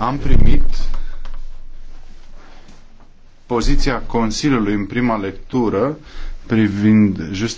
Am primit poziția Consiliului în prima lectură privind just